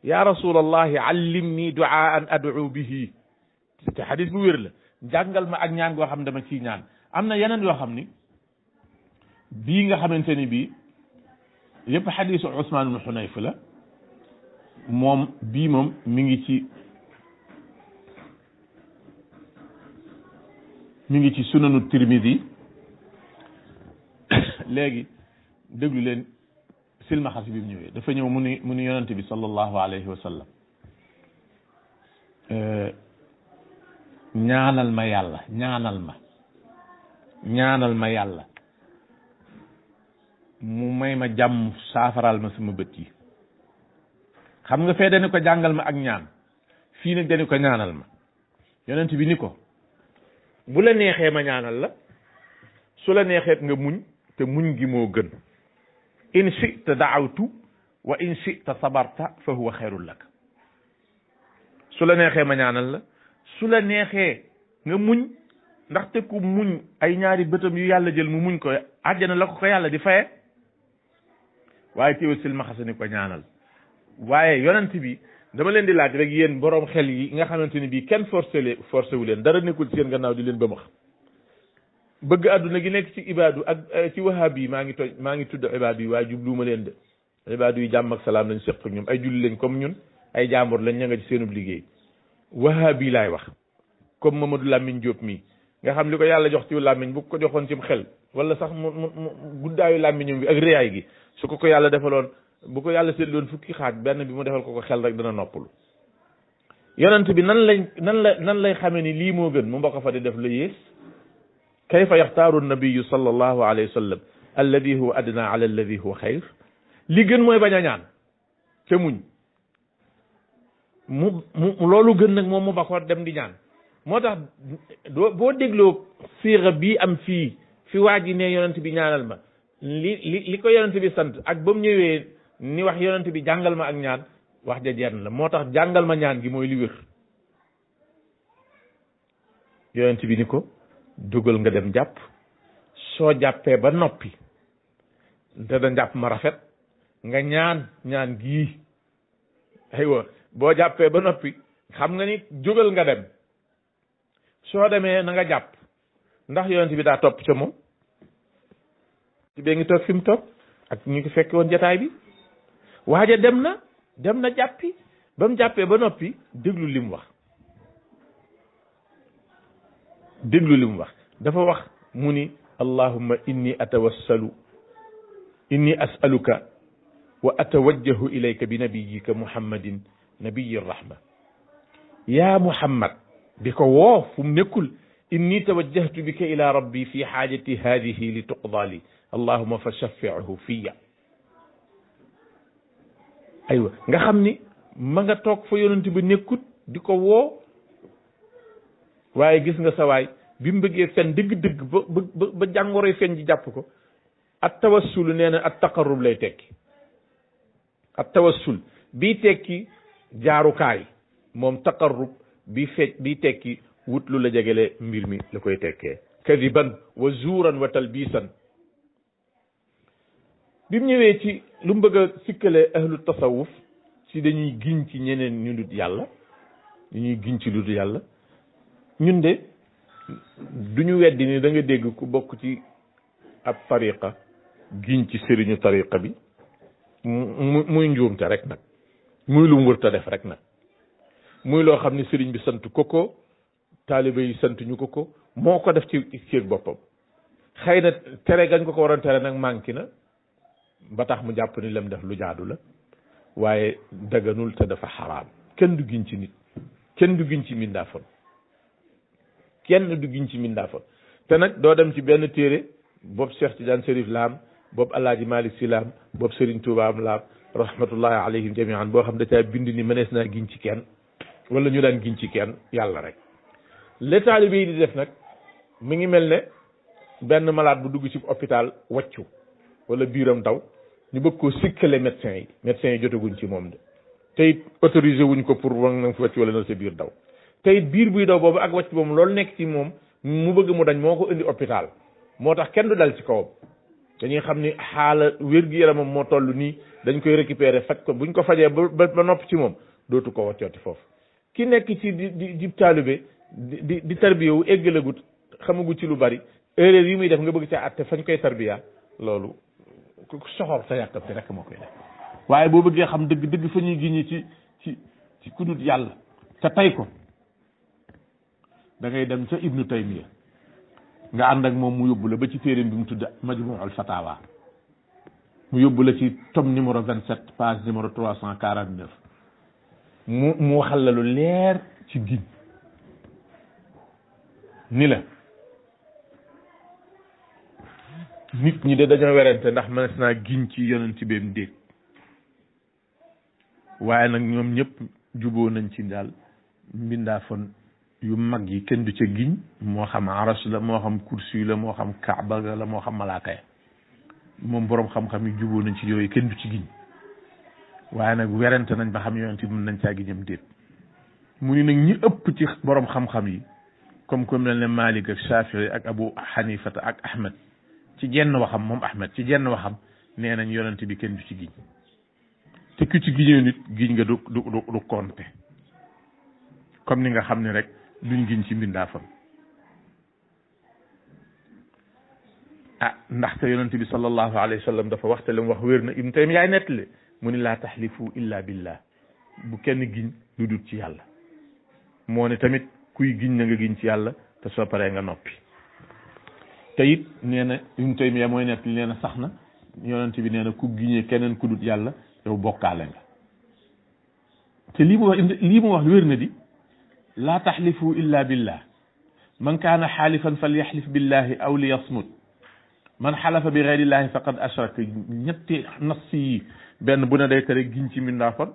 yaa rasulallahi allim nii duaa an adu bihi te xadis bu wér la jàngal ma ak ñaan goo xam ne dama ciy ñaan am na yeneen yoo xam ni bii nga xamante ni bii yëpp xadiisu Usmaan ibn Xunayf la moom bii moom mi ngi ci mi ngi ci sunanu Tirmidi léegi déglu leen silmaxa si bi mu ñëwee dafa ñëw mu ni mu ni yonante bi sallallahu alayhi wa sallam euh, ñaanal ma yàlla ñaanal ma ñaanal ma yàlla mu may ma jàmm saafaral ma suma bët yi xam nga fee dañu ko jàngal ma ak ñaan fii nag dañu ko ñaanal ma yonent bi ni ko bu la neexee ma ñaanal la su la neexeet nga muñ te muñ gi moo gën in chita daawtu wa in chita sabarta fa huwa xayrul lak su la neexee ma ñaanal la su la neexee nga muñ ndaxte ku muñ ay ñaari bëtam yu yàlla jël mu muñ ko àjjana la ko ko yàlla di faye waaye teewul silmaxa ni ko ñaanal waaye yonent bi dama leen di laaj rek yéen borom xel yi nga xamante ni bii kenn forcé leen wu leen dara nekkul seen gannaaw di leen bëmax bëgg àdduna gi nekk ci ibaadu ak eh, ci wahaab yi maa ngi toj maa ngi tudd ibaadu yi waaye jubluuma leen de ibaadu yi jàmm ak salaam lañ seq ñoom ay julli lañ comme ñun ay jaambur lañ ña nga ci seenub liggéey wahaabi laay wax comme Mamadou Lamine Diop mii nga xam li ko yàlla jox ci làmmiñ bu ko joxoon cim xel wala sax mu mu mu guddaayu làmmiñam bi ak réyaay gi su ko ko yàlla defaloon bu ko yàlla seetloon fukki xaaj benn bi mu defal ko ko xel rek dana noppalu yonent bi nan lañ nan la nan lay xamee ni lii moo gën mu mbokk fa di def la yées kayfa yaxtaaru nabiyu sallallahu alayhi wa sallam alladi huwa adna ala alladi huwa xayr li gën mooy bañ a ñaan ca muñ mu mu loolu gën nag moom mu ba ko dem di ñaan moo tax doo boo dégloo siira bii am fii fi waa ji ne yonent bi ñaanal ma li li ko yonent bi sant ak ba ñëwee ni wax yonent bi jàngal ma ak ñaan wax ja jenn la moo tax jàngal ma ñaan gi mooy li wér yonent bi ni ko dugal nga dem jàpp soo jàppee ba noppi te da njàpp ma rafet nga ñaan ñaan gi aywa boo jàppee ba noppi xam nga ni jógal nga dem soo demee nanga jàpp ndax yonent bi daa topp ca moom ci bee ngi toog fi mu toog ak ñu ko fekke woon jataay bi waaja dem na dem na jàppi ba mu jàppee ba noppi déglu li wax déglu li wax dafa wax mu ni allahumma inni atawassalu inni as'aluka wa atawajjahu ilayka bi nabiyika muhammadin nabiyi rahma yaa muhammad di ko woo fu mu nekkul inni tawajjahtu bika ila rabbi fi xaajati hadihi li tuqda li allahuma fa shaffiahu fiya aywa nga xam ni ma nga toog fa yonent ba nekkut di ko woo waaye gis nga sa waay bi mu bëggee fen dëgg-dëgg ba ba ba jàngoroy fen ji jàpp ko at tawassulu nee na at taqarrub lay tekki at tawassul bii tekki jaarukaay moom taqarrub bi fecc bi tekki wut lu la jegele mbir mi la koy tekkee kadiban wa zuuran wa talbisan bi mu ñëwee ci lu mu bëgg a sikkalee ahlu tasawuf si dañuy giñ ci ñeneen ñu dut yàlla dañuy giñ ci lu yàlla ñun de du ñu weddi ni da dégg ku bokk ci ab tariqa giñ ci sëriñu tariqa bi muy njuumte rek nag muy lu mu wërta def rek nag muy loo xam ne sëriñ bi sant ko ko taaliba yi sant ñu ko ko moo ko def ci ci boppam xëy na tere gañ ko ko waroon tere nag manqué na ba tax mu jàpp ni lam def lu jaadu la waaye daganul te dafa xaraam kenn du giñ ci nit kenn du giñ ci mindaafoon kenn du giñ ci mindaafoon te nag doo dem ci benn téere boobu ci Tidiane Serif laam boobu El Hadj Malick Sy laam boobu Serigne Touba laam rahmatullahi alayhim jamian boo xam da caa bind ni mënees naa giñ ci kenn wala ñu daan giñ ci kenn yàlla rek le taalibe yi di def nag mi ngi mel ne benn malaat bu dugg ci hôpital waccu wala biiram daw ñu bëgg koo sikkale médecin yi médecin yi jotaguñ ci moom de te it wuñ ko pour wan na fi wàcc wala na sa biir daw te biir buy daw boobu ak wàcc boobu loolu nekk ci moom mu bëgg mu dañ moo ko indi hôpital moo tax kenn du dal ci kawam dañuy xam ni xaala wér-gu-yaramam moo toll nii dañ koy récupérer faj ko buñ ko fajee ba ba nopp ci moom dootu ko waccooti foofu ki nekk ci di di di taalibe di di tarbiya wu éggalagut xamagu ci lu bari erreur yi muy def nga bëgg ca àtte fañ koy tarbiya loolu soxor sa yàkkamti rek moo koy def waaye boo bëggee xam dëgg dëgg fa ñuy giñi ci ci ci kudut yàlla te tey ko dangay dem ca ibnu taymiya nga ànd ak moom mu yóbbu la ba ci téeréem bi mu tudd majmuul fatawa mu yóbbu la ci tome numéro vingt sept page numéro trois cent quarante neuf mu mu waxal la lu leer ci diin ni la nit ñi de dañoo werante ndax mënees naa giñ ci yonent beem déet waaye nag ñoom ñëpp juboo nañ ci daal mbindaa fon yu mag yi kenn du ci giñ moo xam aras la moo xam kursi la moo xam kaaba la moo xam malaaka moom boroom xam-xam yi juboo nañ ci yooyu kenn du ci giñ waaye nag werante nañ ba xam yonent bi mën nañ caa giñam déet mu ni nag ñi ëpp ci boroom xam-xam yi comme comme mel ne Malik ak Shafii ak Abu Hanifata ak Ahmed ci jenn waxam ci jenn waxam nee nañ yonent bi kenn du ci giñ te ku ci giñee nga du du du ni nga xam ne rek luñ giñ ci mbindaafam ah ndaxte yonent bi sallallahu alayhi wa dafa waxte lam wax wér na ibnu taymiya yaay nettali mu ni laa taxlifu illa billah bu kenn giñ lu dut ci yàlla moo ne tamit kuy giñ na nga giñ ci yàlla te soo paree nga noppi te it nee na ibnu taymiya mooy nettali nee na sax na yonent bi nee ku giñee keneen ku dut yàlla yow bokkaale nga te lii mu wax lii mu wax wér na di laa taxlifu illa billah man kaana xaalifan falyaxlif billahi aw liyasmut man xalafa bi gayrillahi faqad ashraka ñetti nas yi benn bu ne day tere giñ ci min daa kon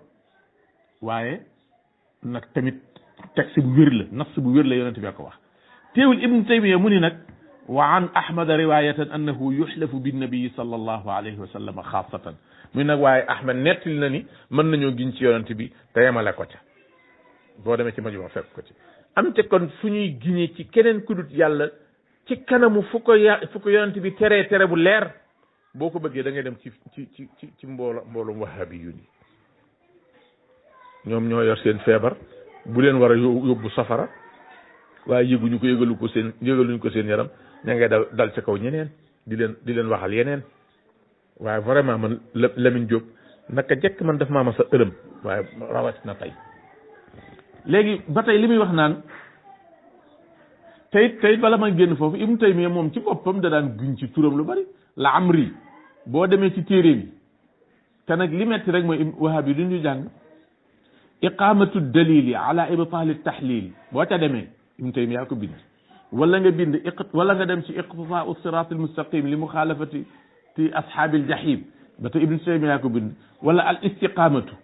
waaye nag tamit texte bu wér la nas bu wér la yonent bi ko wax teewul ibnu taymiya mu ni nag wa an ahmad riwayatan annahu yuxlafu binnabii sallallahu alayhi wa sallam xaasatan muy nag waaye ahmad nettali na ni mën nañoo giñ ci yonent bi te yemale ko ca boo demee ci majuma fekk ko ci am te kon fu ñuy giñee ci keneen ku dut yàlla ci kanamu fu ko ya fu ko yonent bi teree tere bu leer boo ko bëggee da ngay dem ci ci ci ci ci mboolo mboolum wahabi yu ni ñoom ñoo yor seen feebar bu leen wara a yóbbu safara waaye yëguñu ko yëgalu ko seen yëgaluñu ko seen yaram ña ngay dal dal ca kaw ñeneen di leen di leen waxal yeneen waaye vraiment man Lamine Diop naka jekk man daf maa mas a ërëm waaye rawatina tey léegi ba tey li muy wax naan teyit teyit bala may génn foofu ibnu taymiya moom ci boppam da daan guñ ci turam lu bari la amri boo demee ci téere bi te nag li metti rek mooy wahab yi du ñu jàng iqamatu dalili ala ibtaali tahlil boo ca demee ibnu taymiya yaa ko bind wala nga bind iq wala nga dem ci iqtifaau sirat al mustaqim li mu ti ashaabil jahim ba tey ibnu taymiya yaa ko wala al istiqamatu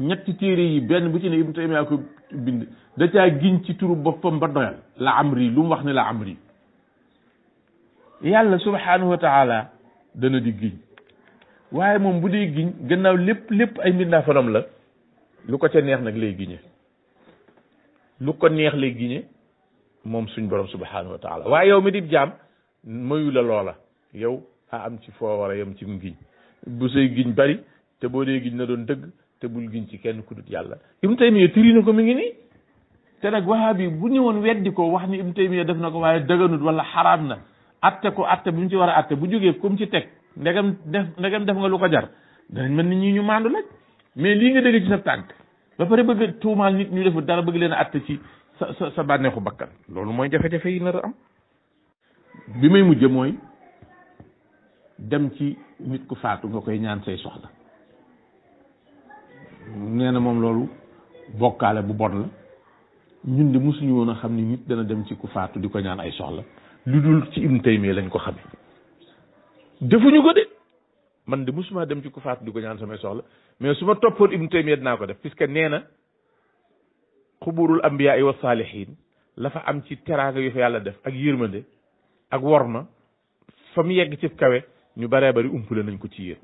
ñetti téere yi benn bu ci ne Ibnu Taymiya ko bind da caa giñ ci turu boppam ba doyal la amri lu mu wax ne la amri yàlla subhaanahu wa taala dana di giñ waaye moom bu dee giñ gannaaw lépp lépp ay mbindaa fanam la lu ko ca neex nag lay giñe lu ko neex lay giñe moom suñ borom subhaanahu wa taala waaye yow mi di jaam mayu loola yow a am ci foo war a yem ci giñ bu say giñ bari te boo dee giñ na doon dëgg te bul giñ ci kenn ku dut yàlla ibnu taymiya turi na ko mu ngi nii te nag wahabi bu ñëwoon weddi ko wax ni ibnu taymiya def na ko waaye dëganut wala xaraam na atte ko atte bu mu ci war a atte bu jógee comme ci teg ndegam ndegem ndegam def nga lu ko jar danañ mën nañ ñi ñu maandu lañ mais lii nga dégg ci sa tànk ba pare bëgg ñu deful dara bëgg leen a atte ci sa sa bànneexu bakkan loolu mooy jafe-jafe yi nar a am bi may mujj mooy dem ci nit ku faatu nga koy ñaan say soxla nee na moom loolu bokkaale bu bon la ñun de musuñu woon a xam ni nit dana dem ci ku faatu di ko ñaan ay soxla lu dul ci Ibnu Taymiya lañ ko xamee defuñu ko de man de mosuma dem ci ku faatu di ko ñaan samay soxla mais su ma toppoon Ibnu Taymiya dinaa ko def puisque nee na xuburul ambiya yi wa saalihin la fa am ci teraanga yu fa yàlla def ak yërmande ak worma fa mu yegg ci kawe ñu baree bari umpule nañ ko ci yéen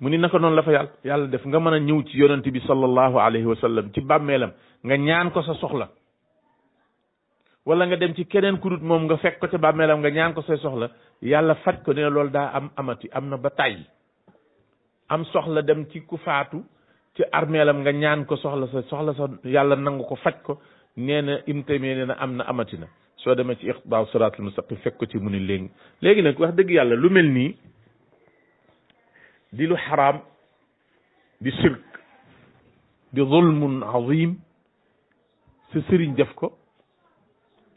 mu ni naka noonu la fa yàlla yàlla def nga mën a ñëw ci yonent bi sallallahu alayhi wa sallam ci bàmmeelam nga ñaan ko sa soxla wala nga dem ci keneen ku moom nga fekk ko ca bàmmeelam nga ñaan ko say soxla yàlla faj ko ne loolu daa am amati am na ba tàyyi am soxla dem ci ku faatu ci armeelam nga ñaan ko soxla sa soxla sa yàlla nangu ko faj ko nee na imtamie nee na am na amati na soo demee ci iqtidaaw siraatul mustaqim fekk ko ci mu ni léegi léegi nag wax dëgg yàlla lu mel nii di lu xaraam di sirk di zulmun azim sa sëriñ def ko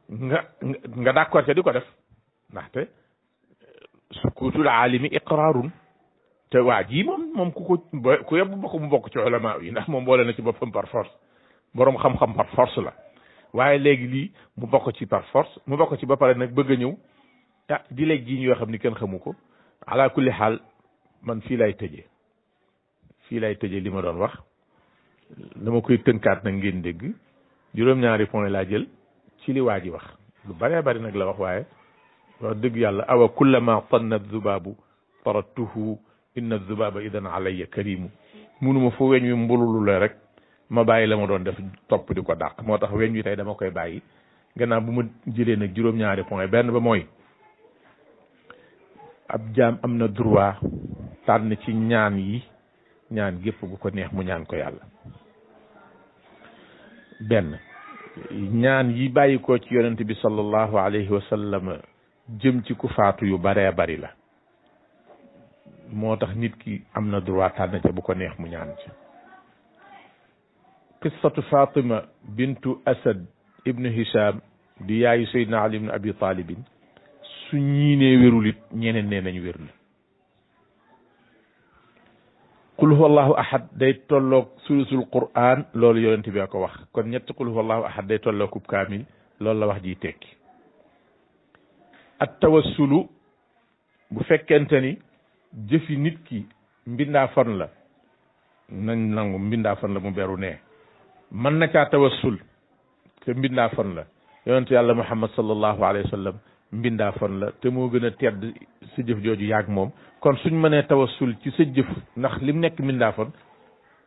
nga nga ko ca di ko def ndaxte sukutul aalimi iqraarun te waa jii moom moom ku ko ku yeb ba ko mu bokk ci ulama yi ndax moom na ci boppam par force force la waaye léegi li mu bokk ci par force mu bokk ci ba pare nag bëgg ñëw ah di léeg ji ñoo xam ni kenn xamu ko ala kulli xaal man fii lay tëje fii lay tëje li ma doon wax dama koy tënkaat nag ngeen dégg juróom-ñaari point laa jël ci li waa ji wax lu bëree bari nag la wax waaye wax dëgg yàlla awa kullama tanna zubaabu tarattuhu inna zubaaba idan alayya karimu munuma fu weñ wi mbululu la rek ma bàyyi la ma doon def topp di ko dàq moo tax weñ wi tey dama koy bàyyi gannaaw bu ma jëlee nag juróom-ñaari point benn ba mooy ab jaam am na droit tànn ci ñaan yi ñaan gépp gu ko neex mu ñaan ko yàlla benn ñaan yi bàyyi ci yonent bi sallallahu alayhi wa sallam jëm ci ku faatu yu baree bari la moo tax nit ki am na droit tànn ca bu ko neex mu ñaan ci qissatu fatima bintu asad ibnu hisham di yaayu saydna ali ibnu abi talibin su ñii nee wérul it ñeneen nee nañ wér na qul huwallahu ahad day tolloog sulusul qur'an loolu yonent bi ko wax kon ñett qul huwallahu ahad day tolloog kaamil loolu la wax ji tekki at tawassulu bu fekkente ni jëfi nit ki mbindaa fon la nañ nangu mbindaa fan la mu beru nee mën na caa tawassul te mbindaa fon la yonent yàlla muhammad sallallahu alayhi wa sallam mbindaa la te moo gën a tedd sa jëf jooju yaag moom kon suñ mënee tawassul ci sa jëf ndax lim nekk mbindaa fan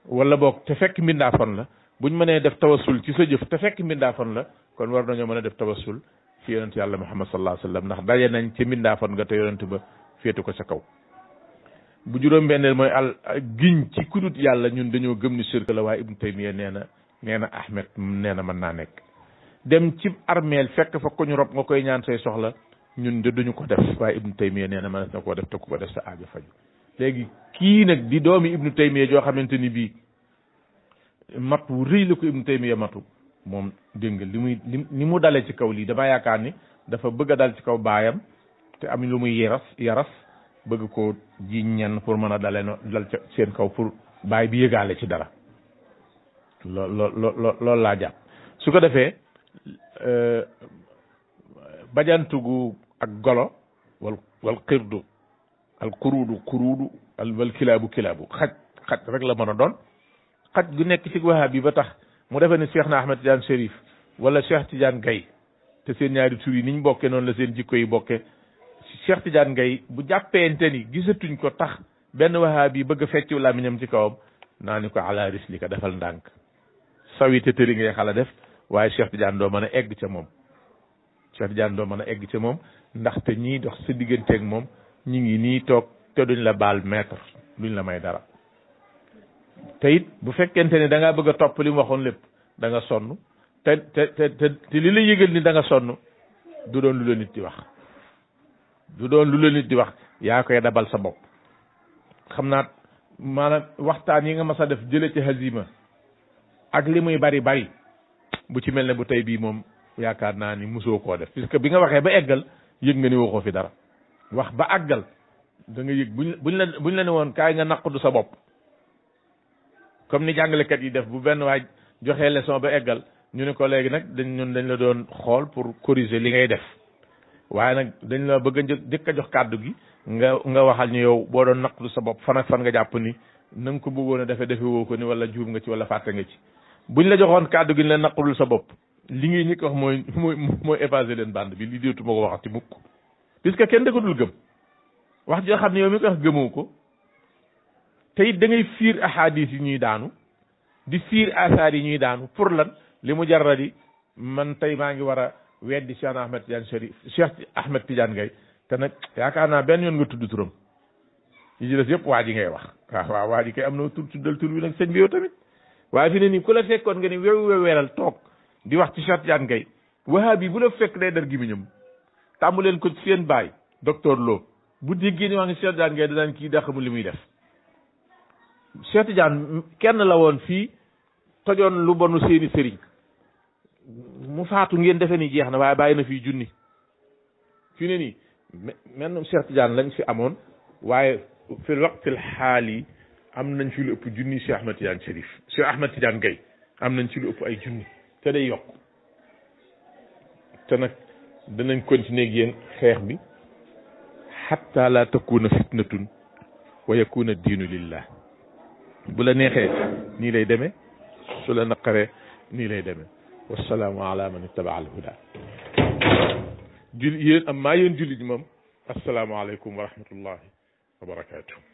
wala boog te fekk mbindaa fan la buñ mënee def tawassul ci jëf te fekk mbindaa fan la kon war nañoo mën a def tawassul ci yonent yàlla muhammad sallallahu alayhi wasallam ndax daje nañ ci mbindaa nga te yonent ba féetu ko sa kaw bu juróom benn mooy al giñ ci kudut yàlla ñun dañoo gëm ni sirk la waaye ibnu taymiya nee na nee na ahmed nee na mën naa nekk dem cib armeel fekk fa ko ñu rob nga koy ñaan say soxla ñun de duñu ko def waaye ibnu taymiya nee na mënees na koo def te ku ko def sa aajo faju léegi kii nag di doomi ibnu taymiya joo xamante ni bii mat wu rëy la ko ibnu taymiya matu moom dégg li muy ni mu dalee ci kaw lii dama yaakaar ni dafa bëgg dal ci kaw baayam te am lu muy yaras yaras bëgg ko ji ñenn pour mën a dalee dal ca seen kaw pour baay bi yëgaale ci dara loo loo loo laa jàpp su ko defee Euh, bajantugu ak golo wal wal xirdu al kuruudu kuruudu al wal kilaabu kilaabu xaj xaj rek la mën a doon xaj gu nekk ci wahaab bi ba tax mu defee ne Cheikh na Ahmed Tidiane Chérif wala Cheikh Tidiane Gaye te seen ñaari tur yi ni ñu bokkee noonu la seen jikko yi bokke Cheikh Tidiane Gaye bu jàppeente ni gisatuñ ko tax benn wahaab bi bëgg a fecc làmmiñam ci kawam naa ni ko ala risli ka defal ndànk sawi te tëri ngay xala def waaye Cheikh Tidiane doo mën a egg ca moom Cheikh Tidiane doo mën a egg moom ndaxte ñiy dox sa digganteek moom ñi ngi nii toog te duñ la baal maître duñ la may dara te bu fekkente ne danga ngaa bëgg a topp li waxoon lépp danga sonn te te te te li la yëgal ni da sonn du doon lu la nit di wax du doon lu la nit di wax yaa koy dabal sa bopp xam naa maanaam waxtaan yi nga mas a def jële ci hazima ak li muy bari bari bu ci mel ne bu tey bii moom yaakaar naa ni mosoo koo def puisque bi nga waxee ba eggal yëg nga ni waxoo fi dara wax ba àggal da nga yëg buñ buñ la buñ la ne woon kaay naq du sa bopp comme ni jàngalekat yi def bu benn waay joxee leçon ba eggal ñu ne ko léegi nag dañ ñun dañ la doon xool pour corriger li ngay def waaye nag dañ la bëgg a dëkk a jox kàddu gi nga nga waxal ñu yow boo doon naqdu sa bopp fan ak fan nga jàpp ni na ko bëggoon a defe defe woo ko ni wala juum nga ci wala fàtte nga ci bu ñu la joxoon kàddu gi ñu leen naqarul sa bopp li ngi ñi wax mooy mooy mooy évaser leen bande bi li dootu ma ko waxati mukk puisque kenn da ko dul gëm wax joo xam ne yow mi ko wax gëmoo ko te it da ngay fiir ahadis yi ñuy daanu di fiir asaar yi ñuy daanu pour lan li mu jarra di man tey maa ngi war a weddi Cheikh Ahmed Tidiane Chérif Cheikh Ahmed Tidiane Gaye te nag yaakaar naa benn yoon nga tudd turam yi ci des yëpp waa ji ngay wax waaw waa waa ji am na tur tuddal waaye fi ne nii ku la fekkoon nga ni wew toog di wax ci Cheikh ngay wahabi bu la fekk day dar gémmiñam tàmmu leen ko ci seen baay docteur Lo bu déggee ni wax ngi Cheikh Tidiane ngay danaan kii daa li muy def Cheikh Tidiane kenn la woon fii tojoon lu bonu seeni sëriñ mu faatu ngeen defe ni jeex na waaye bàyyi na fii junni fi ne nii menn Cheikh Tidiane lañ fi amoon waaye fi waqtil xaal yi am nañ ci lu ëpp junni Cheikh Ahmed Tidiane Chérif Cheikh Ahmed Tidiane Gaye am nañ ci lu ëpp ay junni te day yokk te nag danañ continuer ak yéen xeex bi xatta la takuna fitnatun wa yakuna diinu lillah bu la neexee nii lay deme su la naqaree nii lay demee salaam ala man ittaba al huda jul am maa yéen jullit moom asalaamu aleykum wa rahmatullahi wa barakatuh